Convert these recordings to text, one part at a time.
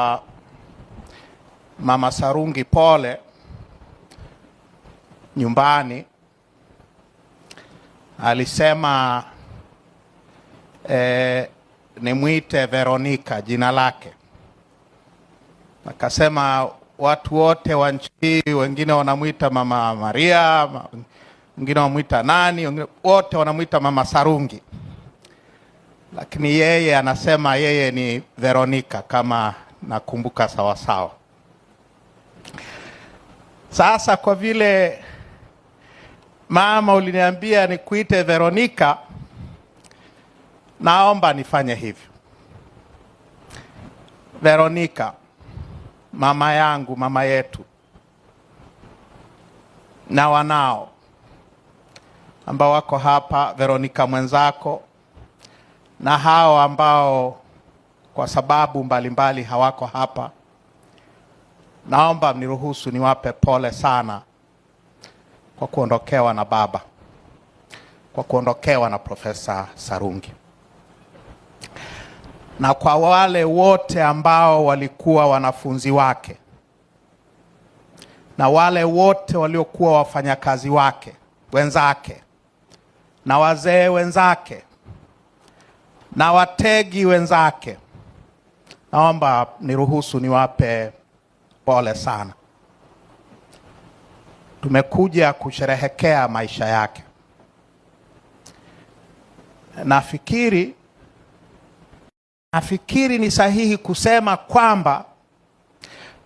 Ah, mama Sarungi pole nyumbani alisema eh, nimwite Veronica jina lake. Akasema watu wote wa nchi hii, wengine wanamwita mama Maria, wengine wanamwita nani, wengine wote wanamwita mama Sarungi, lakini yeye anasema yeye ni Veronica kama nakumbuka sawasawa. Sasa kwa vile mama uliniambia nikuite Veronica, naomba nifanye hivyo. Veronica, mama yangu, mama yetu na wanao ambao wako hapa, Veronica mwenzako na hao ambao kwa sababu mbalimbali mbali hawako hapa. Naomba mniruhusu niwape pole sana kwa kuondokewa na baba, kwa kuondokewa na Profesa Sarungi, na kwa wale wote ambao walikuwa wanafunzi wake na wale wote waliokuwa wafanyakazi wake wenzake na wazee wenzake na wategi wenzake Naomba niruhusu niwape pole sana. Tumekuja kusherehekea maisha yake. Nafikiri nafikiri ni sahihi kusema kwamba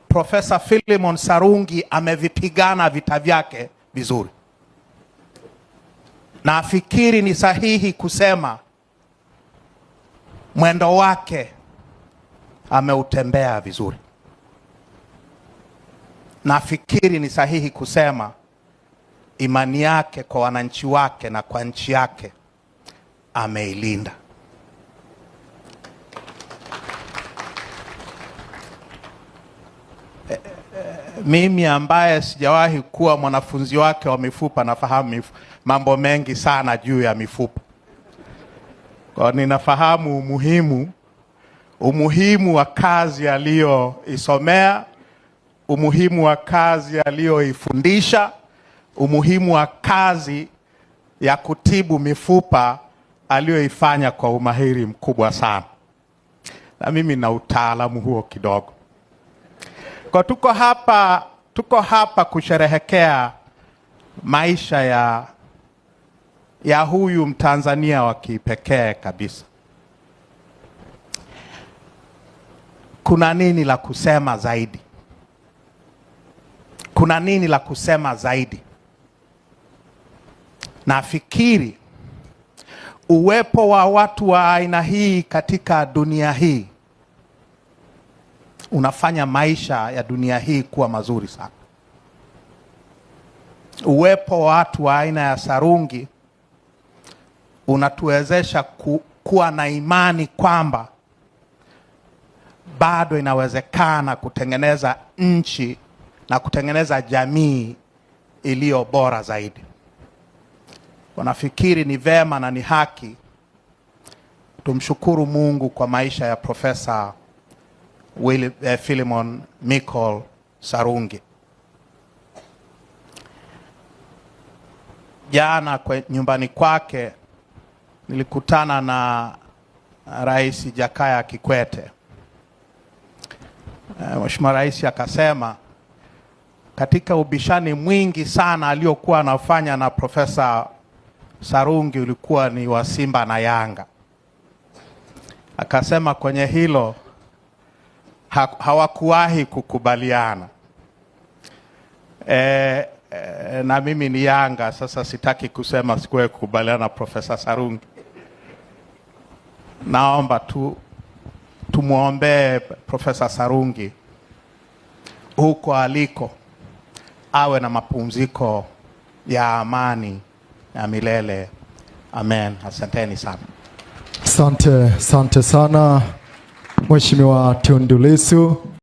Profesa Philemon Sarungi amevipigana vita vyake vizuri. Nafikiri ni sahihi kusema mwendo wake ameutembea vizuri. Nafikiri ni sahihi kusema imani yake kwa wananchi wake na kwa nchi yake ameilinda. E, e, mimi ambaye sijawahi kuwa mwanafunzi wake wa mifupa nafahamu mambo mengi sana juu ya mifupa, kwa ninafahamu umuhimu umuhimu wa kazi aliyoisomea, umuhimu wa kazi aliyoifundisha, umuhimu wa kazi ya kutibu mifupa aliyoifanya kwa umahiri mkubwa sana, na mimi na utaalamu huo kidogo. Kwa tuko hapa, tuko hapa kusherehekea maisha ya ya huyu Mtanzania wa kipekee kabisa. kuna nini la kusema zaidi? Kuna nini la kusema zaidi? Nafikiri uwepo wa watu wa aina hii katika dunia hii unafanya maisha ya dunia hii kuwa mazuri sana. Uwepo wa watu wa aina ya Sarungi unatuwezesha ku, kuwa na imani kwamba bado inawezekana kutengeneza nchi na kutengeneza jamii iliyo bora zaidi. Wanafikiri ni vema na ni haki tumshukuru Mungu kwa maisha ya Profesa eh, Philemon Mikol Sarungi. Jana kwa nyumbani kwake nilikutana na Rais Jakaya Kikwete e, Mheshimiwa Rais akasema katika ubishani mwingi sana aliokuwa anafanya na Profesa Sarungi ulikuwa ni wa Simba na Yanga. Akasema kwenye hilo ha hawakuwahi kukubaliana. E, e, na mimi ni Yanga, sasa sitaki kusema sikuwahi kukubaliana na Profesa Sarungi. Naomba tu tumwombee Profesa Sarungi huko aliko, awe na mapumziko ya amani ya milele. Amen. Asanteni sana. Asante, asante sana Mheshimiwa Tundu Lissu.